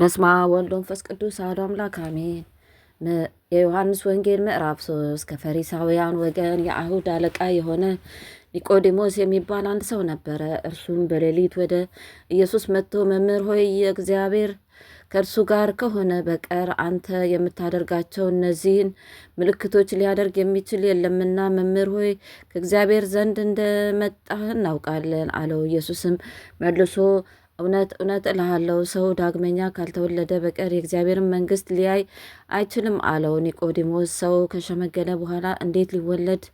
በስማ ወልድ መንፈስ ቅዱስ አሐዱ አምላክ አሜን። የዮሐንስ ወንጌል ምዕራፍ ሶስት ከፈሪሳውያን ወገን የአይሁድ አለቃ የሆነ ኒቆዲሞስ የሚባል አንድ ሰው ነበረ። እርሱም በሌሊት ወደ ኢየሱስ መጥቶ መምህር ሆይ እግዚአብሔር ከእርሱ ጋር ከሆነ በቀር አንተ የምታደርጋቸው እነዚህን ምልክቶች ሊያደርግ የሚችል የለምና መምህር ሆይ ከእግዚአብሔር ዘንድ እንደመጣህ እናውቃለን አለው። ኢየሱስም መልሶ እውነት እውነት እልሃለሁ ሰው ዳግመኛ ካልተወለደ በቀር የእግዚአብሔርን መንግስት ሊያይ አይችልም አለው። ኒቆዲሞስ ሰው ከሸመገለ በኋላ እንዴት ሊወለድ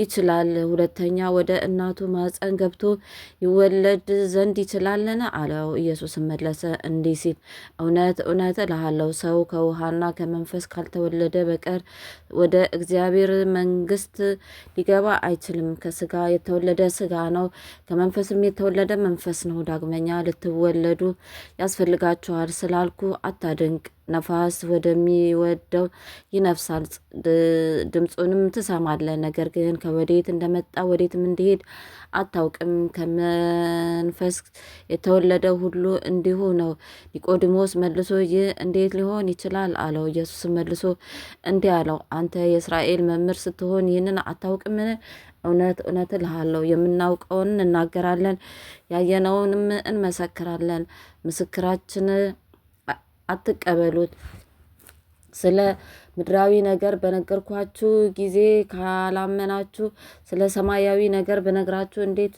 ይችላል? ሁለተኛ ወደ እናቱ ማፀን ገብቶ ይወለድ ዘንድ ይችላልን? አለው። ኢየሱስ መለሰ እንዲህ ሲል እውነት እውነት እልሃለሁ ሰው ከውሃና ከመንፈስ ካልተወለደ በቀር ወደ እግዚአብሔር መንግስት ሊገባ አይችልም። ከስጋ የተወለደ ስጋ ነው፣ ከመንፈስም የተወለደ መንፈስ ነው። ዳግመኛ ልትወለዱ ያስፈልጋችኋል ስላልኩ አታድንቅ። ነፋስ ወደሚወደው ይነፍሳል፣ ድምፁንም ትሰማለ። ነገር ግን ከወዴት እንደመጣ ወዴትም እንዲሄድ አታውቅም። ከመንፈስ የተወለደ ሁሉ እንዲሁ ነው። ኒቆዲሞስ መልሶ ይህ እንዴት ሊሆን ይችላል አለው። ኢየሱስ መልሶ እንዲህ አለው፣ አንተ የእስራኤል መምህር ስትሆን ይህንን አታውቅምን? እውነት እውነት እልሃለሁ የምናውቀውን እናገራለን፣ ያየነውንም እንመሰክራለን ምስክራችን አትቀበሉት። ስለ ምድራዊ ነገር በነገርኳችሁ ጊዜ ካላመናችሁ ስለ ሰማያዊ ነገር በነግራችሁ እንዴት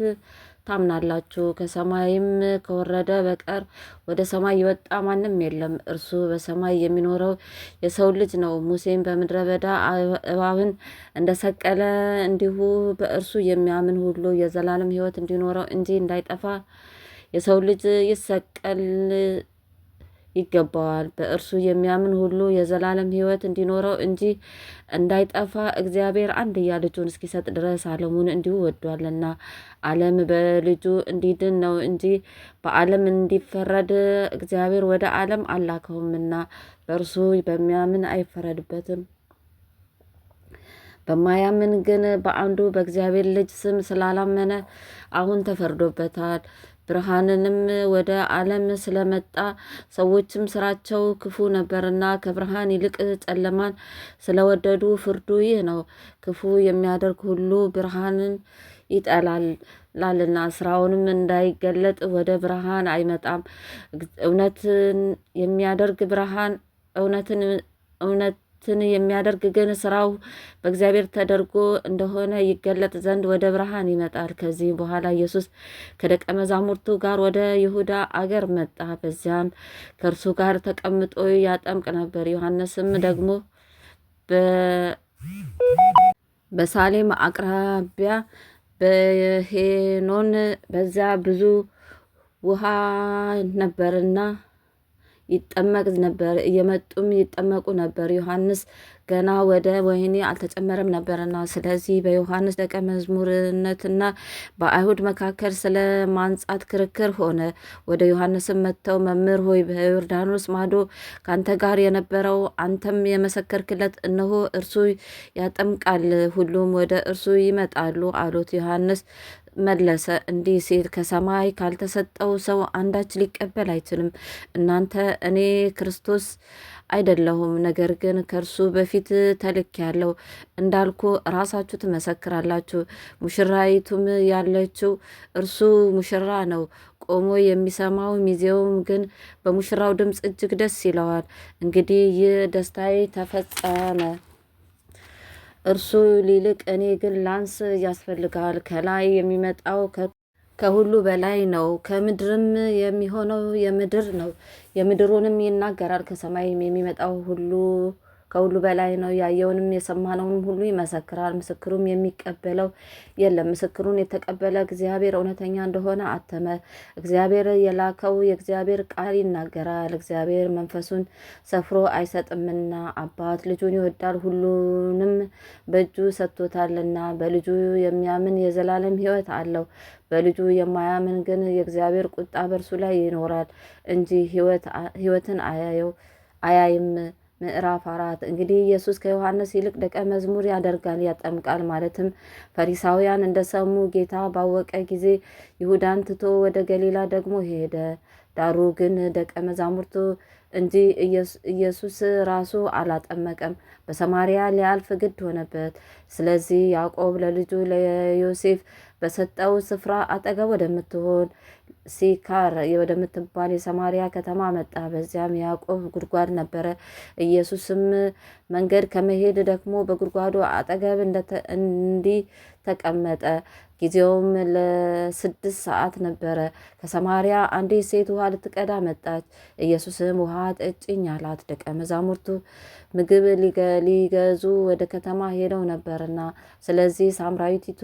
ታምናላችሁ? ከሰማይም ከወረደ በቀር ወደ ሰማይ የወጣ ማንም የለም፣ እርሱ በሰማይ የሚኖረው የሰው ልጅ ነው። ሙሴም በምድረ በዳ እባብን እንደሰቀለ እንዲሁ በእርሱ የሚያምን ሁሉ የዘላለም ሕይወት እንዲኖረው እንጂ እንዳይጠፋ የሰው ልጅ ይሰቀል ይገባዋል። በእርሱ የሚያምን ሁሉ የዘላለም ሕይወት እንዲኖረው እንጂ እንዳይጠፋ እግዚአብሔር አንድያ ልጁን እስኪሰጥ ድረስ ዓለሙን እንዲሁ ወዷልና። ዓለም በልጁ እንዲድን ነው እንጂ በዓለም እንዲፈረድ እግዚአብሔር ወደ ዓለም አላከውምና፣ በእርሱ በሚያምን አይፈረድበትም። በማያምን ግን በአንዱ በእግዚአብሔር ልጅ ስም ስላላመነ አሁን ተፈርዶበታል። ብርሃንንም ወደ ዓለም ስለመጣ ሰዎችም ስራቸው ክፉ ነበርና ከብርሃን ይልቅ ጨለማን ስለወደዱ ፍርዱ ይህ ነው። ክፉ የሚያደርግ ሁሉ ብርሃንን ይጠላል ላልና ስራውንም እንዳይገለጥ ወደ ብርሃን አይመጣም። እውነትን የሚያደርግ ብርሃን እውነትን እውነት ትን የሚያደርግ ግን ስራው በእግዚአብሔር ተደርጎ እንደሆነ ይገለጥ ዘንድ ወደ ብርሃን ይመጣል። ከዚህ በኋላ ኢየሱስ ከደቀ መዛሙርቱ ጋር ወደ ይሁዳ አገር መጣ። በዚያም ከእርሱ ጋር ተቀምጦ ያጠምቅ ነበር። ዮሐንስም ደግሞ በሳሌም አቅራቢያ በሄኖን በዚያ ብዙ ውሃ ነበርና ይጠመቅ ነበር። እየመጡም ይጠመቁ ነበር። ዮሐንስ ገና ወደ ወህኒ አልተጨመረም ነበርና። ስለዚህ በዮሐንስ ደቀ መዝሙርነትና በአይሁድ መካከል ስለ ማንጻት ክርክር ሆነ። ወደ ዮሐንስም መጥተው መምህር ሆይ በዮርዳኖስ ማዶ ከአንተ ጋር የነበረው አንተም የመሰከርክለት እነሆ እርሱ ያጠምቃል፣ ሁሉም ወደ እርሱ ይመጣሉ አሉት። ዮሐንስ መለሰ። እንዲህ ሲል ከሰማይ ካልተሰጠው ሰው አንዳች ሊቀበል አይችልም። እናንተ እኔ ክርስቶስ አይደለሁም፣ ነገር ግን ከእርሱ በፊት ተልክ ያለው እንዳልኩ ራሳችሁ ትመሰክራላችሁ። ሙሽራይቱም ያለችው እርሱ ሙሽራ ነው ቆሞ የሚሰማው ሚዜውም ግን በሙሽራው ድምፅ እጅግ ደስ ይለዋል። እንግዲህ ይህ ደስታዬ ተፈጸመ። እርሱ ሊልቅ እኔ ግን ላንስ ያስፈልጋል። ከላይ የሚመጣው ከሁሉ በላይ ነው፣ ከምድርም የሚሆነው የምድር ነው፣ የምድሩንም ይናገራል። ከሰማይም የሚመጣው ሁሉ ከሁሉ በላይ ነው። ያየውንም የሰማነውንም ሁሉ ይመሰክራል፣ ምስክሩም የሚቀበለው የለም። ምስክሩን የተቀበለ እግዚአብሔር እውነተኛ እንደሆነ አተመ። እግዚአብሔር የላከው የእግዚአብሔር ቃል ይናገራል። እግዚአብሔር መንፈሱን ሰፍሮ አይሰጥምና አባት ልጁን ይወዳል፣ ሁሉንም በእጁ ሰጥቶታልና። በልጁ የሚያምን የዘላለም ሕይወት አለው። በልጁ የማያምን ግን የእግዚአብሔር ቁጣ በእርሱ ላይ ይኖራል እንጂ ሕይወትን አያየው አያይም። ምዕራፍ አራት እንግዲህ ኢየሱስ ከዮሐንስ ይልቅ ደቀ መዝሙር ያደርጋል ያጠምቃል። ማለትም ፈሪሳውያን እንደሰሙ ጌታ ባወቀ ጊዜ ይሁዳን ትቶ ወደ ገሊላ ደግሞ ሄደ። ዳሩ ግን ደቀ መዛሙርቱ እንጂ ኢየሱስ ራሱ አላጠመቀም። በሰማሪያ ሊያልፍ ግድ ሆነበት። ስለዚህ ያዕቆብ ለልጁ ለዮሴፍ በሰጠው ስፍራ አጠገብ ወደምትሆን ሲካር ወደምትባል የሰማሪያ ከተማ መጣ። በዚያም ያዕቆብ ጉድጓድ ነበረ። ኢየሱስም መንገድ ከመሄድ ደግሞ በጉድጓዱ አጠገብ እንዲህ ተቀመጠ። ጊዜውም ለስድስት ሰዓት ነበረ። ከሰማርያ አንዲት ሴት ውሃ ልትቀዳ መጣች። ኢየሱስም ውሃ ጠጭኝ አላት። ደቀ መዛሙርቱ ምግብ ሊገዙ ወደ ከተማ ሄደው ነበርና፣ ስለዚህ ሳምራዊቲቱ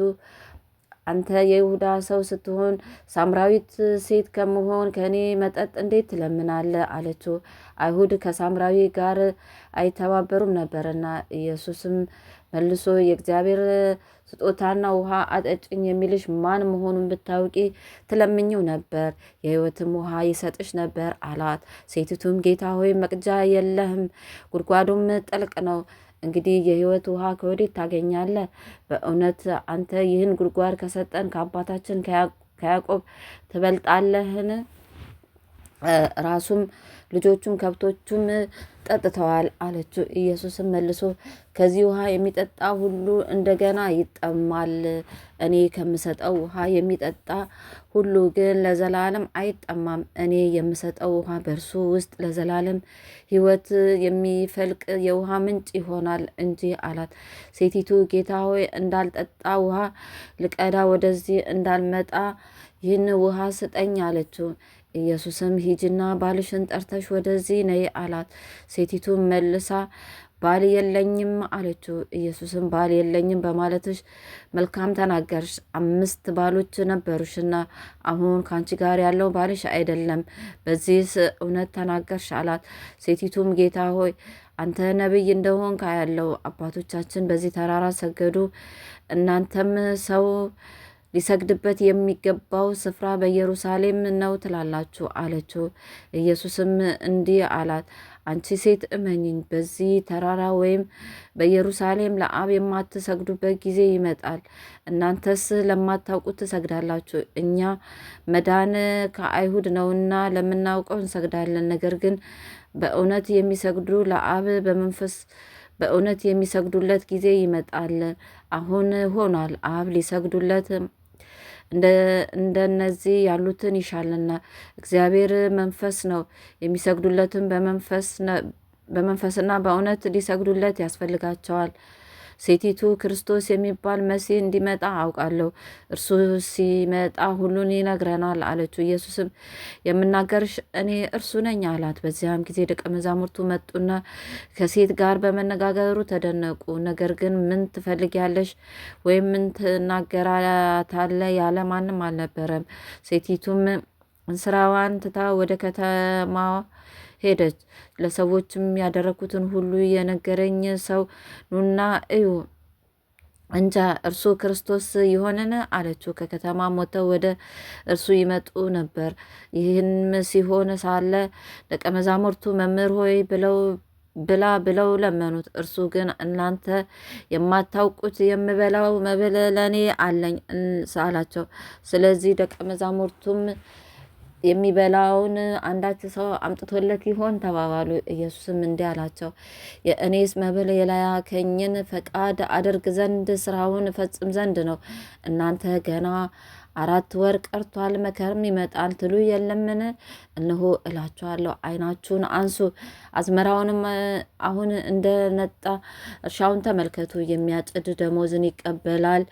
አንተ የይሁዳ ሰው ስትሆን ሳምራዊት ሴት ከመሆን ከእኔ መጠጥ እንዴት ትለምናለ? አለችው። አይሁድ ከሳምራዊ ጋር አይተባበሩም ነበርና ኢየሱስም መልሶ የእግዚአብሔር ስጦታና ውሃ አጠጭኝ የሚልሽ ማን መሆኑን ብታውቂ ትለምኝው ነበር፣ የሕይወትም ውሃ ይሰጥሽ ነበር አላት። ሴቲቱም ጌታ ሆይ መቅጃ የለህም፣ ጉድጓዱም ጥልቅ ነው። እንግዲህ የሕይወት ውሃ ከወዴት ታገኛለህ? በእውነት አንተ ይህን ጉድጓድ ከሰጠን ከአባታችን ከያዕቆብ ትበልጣለህን? ራሱም ልጆቹም ከብቶቹም ጠጥተዋል አለችው። ኢየሱስም መልሶ ከዚህ ውሃ የሚጠጣ ሁሉ እንደገና ይጠማል። እኔ ከምሰጠው ውሃ የሚጠጣ ሁሉ ግን ለዘላለም አይጠማም። እኔ የምሰጠው ውሃ በእርሱ ውስጥ ለዘላለም ሕይወት የሚፈልቅ የውሃ ምንጭ ይሆናል እንጂ አላት። ሴቲቱ ጌታ ሆይ እንዳልጠጣ ውሃ ልቀዳ ወደዚህ እንዳልመጣ ይህን ውሃ ስጠኝ አለችው። ኢየሱስም ሂጂና ባልሽን ጠርተሽ ወደዚህ ነይ አላት። ሴቲቱ መልሳ ባል የለኝም አለችው። ኢየሱስም ባል የለኝም በማለትሽ መልካም ተናገርሽ፣ አምስት ባሎች ነበሩሽና አሁን ከአንቺ ጋር ያለው ባልሽ አይደለም፣ በዚህስ እውነት ተናገርሽ አላት። ሴቲቱም ጌታ ሆይ አንተ ነቢይ እንደሆንክ አያለው፣ አባቶቻችን በዚህ ተራራ ሰገዱ፣ እናንተም ሰው ሊሰግድበት የሚገባው ስፍራ በኢየሩሳሌም ነው ትላላችሁ አለችው። ኢየሱስም እንዲህ አላት፣ አንቺ ሴት እመኝኝ፣ በዚህ ተራራ ወይም በኢየሩሳሌም ለአብ የማትሰግዱበት ጊዜ ይመጣል። እናንተስ ለማታውቁት ትሰግዳላችሁ። እኛ መዳን ከአይሁድ ነውና ለምናውቀው እንሰግዳለን። ነገር ግን በእውነት የሚሰግዱ ለአብ በመንፈስ በእውነት የሚሰግዱለት ጊዜ ይመጣል፣ አሁን ሆኗል። አብ ሊሰግዱለት እንደነዚህ ያሉትን ይሻልና። እግዚአብሔር መንፈስ ነው፣ የሚሰግዱለትን በመንፈስና በእውነት ሊሰግዱለት ያስፈልጋቸዋል። ሴቲቱ ክርስቶስ የሚባል መሲህ እንዲመጣ አውቃለሁ፣ እርሱ ሲመጣ ሁሉን ይነግረናል አለችው። ኢየሱስም የምናገርሽ እኔ እርሱ ነኝ አላት። በዚያም ጊዜ ደቀ መዛሙርቱ መጡና ከሴት ጋር በመነጋገሩ ተደነቁ። ነገር ግን ምን ትፈልጊያለሽ ወይም ምን ትናገራታለ ያለ ማንም አልነበረም። ሴቲቱም እንስራዋን ትታ ወደ ከተማ ሄደች። ለሰዎችም ያደረኩትን ሁሉ የነገረኝ ሰው ኑና እዩ እንጃ እርሱ ክርስቶስ ይሆንን አለችው። ከከተማ ሞተው ወደ እርሱ ይመጡ ነበር። ይህም ሲሆን ሳለ ደቀ መዛሙርቱ መምህር ሆይ ብለው ብላ ብለው ለመኑት። እርሱ ግን እናንተ የማታውቁት የምበላው መብል ለእኔ አለኝ አላቸው። ስለዚህ ደቀ መዛሙርቱም የሚበላውን አንዳች ሰው አምጥቶለት ይሆን ተባባሉ። ኢየሱስም እንዲህ አላቸው፣ የእኔስ መብል የላከኝን ፈቃድ አደርግ ዘንድ ስራውን ፈጽም ዘንድ ነው። እናንተ ገና አራት ወር ቀርቷል፣ መከርም ይመጣል ትሉ የለምን? እነሆ እላችኋለሁ፣ ዓይናችሁን አንሱ፣ አዝመራውንም አሁን እንደነጣ እርሻውን ተመልከቱ። የሚያጭድ ደሞዝን ይቀበላል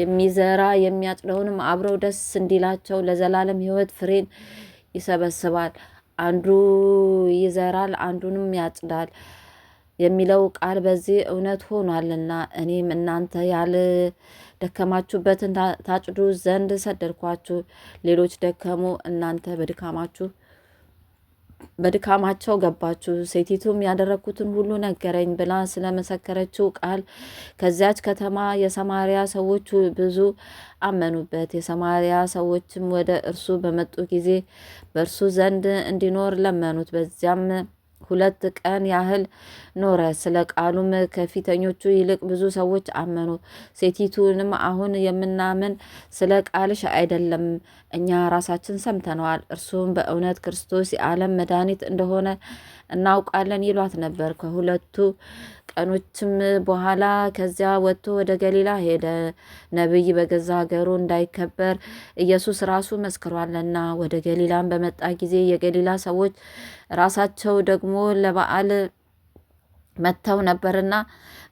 የሚዘራ የሚያጭደውንም አብረው ደስ እንዲላቸው ለዘላለም ሕይወት ፍሬን ይሰበስባል። አንዱ ይዘራል አንዱንም ያጭዳል የሚለው ቃል በዚህ እውነት ሆኗልና እኔም እናንተ ያለ ደከማችሁበትን ታጭዱ ዘንድ ሰደድኳችሁ። ሌሎች ደከሙ፣ እናንተ በድካማችሁ በድካማቸው ገባችሁ። ሴቲቱም ያደረግኩትን ሁሉ ነገረኝ ብላ ስለመሰከረችው ቃል ከዚያች ከተማ የሰማሪያ ሰዎች ብዙ አመኑበት። የሰማሪያ ሰዎችም ወደ እርሱ በመጡ ጊዜ በእርሱ ዘንድ እንዲኖር ለመኑት። በዚያም ሁለት ቀን ያህል ኖረ። ስለ ቃሉም ከፊተኞቹ ይልቅ ብዙ ሰዎች አመኑ። ሴቲቱንም አሁን የምናምን ስለ ቃልሽ አይደለም፣ እኛ ራሳችን ሰምተነዋል፣ እርሱም በእውነት ክርስቶስ የዓለም መድኃኒት እንደሆነ እናውቃለን ይሏት ነበር። ከሁለቱ ቀኖችም በኋላ ከዚያ ወጥቶ ወደ ገሊላ ሄደ። ነቢይ በገዛ ሀገሩ እንዳይከበር ኢየሱስ ራሱ መስክሯልና። ወደ ገሊላም በመጣ ጊዜ የገሊላ ሰዎች ራሳቸው ደግሞ ለበዓል መጥተው ነበርና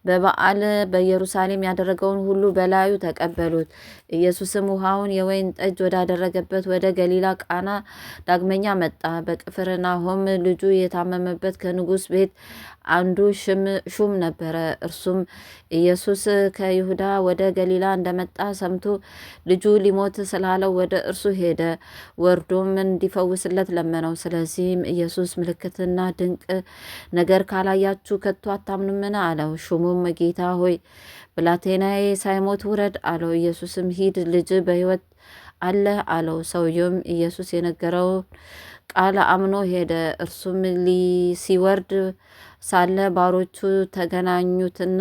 በበዓል በኢየሩሳሌም ያደረገውን ሁሉ በላዩ ተቀበሉት። ኢየሱስም ውሃውን የወይን ጠጅ ወዳደረገበት ወደ ገሊላ ቃና ዳግመኛ መጣ። በቅፍርናሆም ልጁ የታመመበት ከንጉሥ ቤት አንዱ ሹም ነበረ። እርሱም ኢየሱስ ከይሁዳ ወደ ገሊላ እንደመጣ ሰምቶ ልጁ ሊሞት ስላለው ወደ እርሱ ሄደ። ወርዶም እንዲፈውስለት ለመነው። ስለዚህም ኢየሱስ ምልክትና ድንቅ ነገር ካላያችሁ ከቶ አታምኑምን አለው። ሹሙ እርሱም ጌታ ሆይ ብላቴናዬ ሳይሞት ውረድ አለው። ኢየሱስም ሂድ፣ ልጅ በሕይወት አለ አለው። ሰውየውም ኢየሱስ የነገረው ቃል አምኖ ሄደ። እርሱም ሲወርድ ሳለ ባሮቹ ተገናኙትና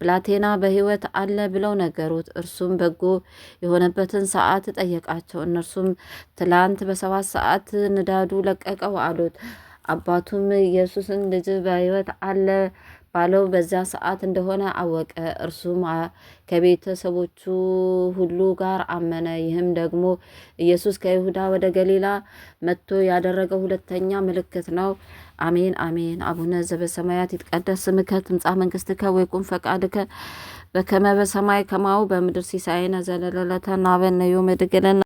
ብላቴና በሕይወት አለ ብለው ነገሩት። እርሱም በጎ የሆነበትን ሰዓት ጠየቃቸው። እነርሱም ትላንት በሰባት ሰዓት ንዳዱ ለቀቀው አሉት። አባቱም ኢየሱስን ልጅ በሕይወት አለ ባለው በዛ ሰዓት እንደሆነ አወቀ። እርሱም ከቤተሰቦቹ ሁሉ ጋር አመነ። ይህም ደግሞ ኢየሱስ ከይሁዳ ወደ ገሊላ መጥቶ ያደረገው ሁለተኛ ምልክት ነው። አሜን አሜን። አቡነ ዘበሰማያት ይትቀደስ ስምከ ትምጻእ መንግስትከ ወይቁም ፈቃድከ በከመ በሰማይ ከማሁ በምድር ሲሳየነ ዘለለዕለትነ ሀበነ ዮም ወኅድግ ለነ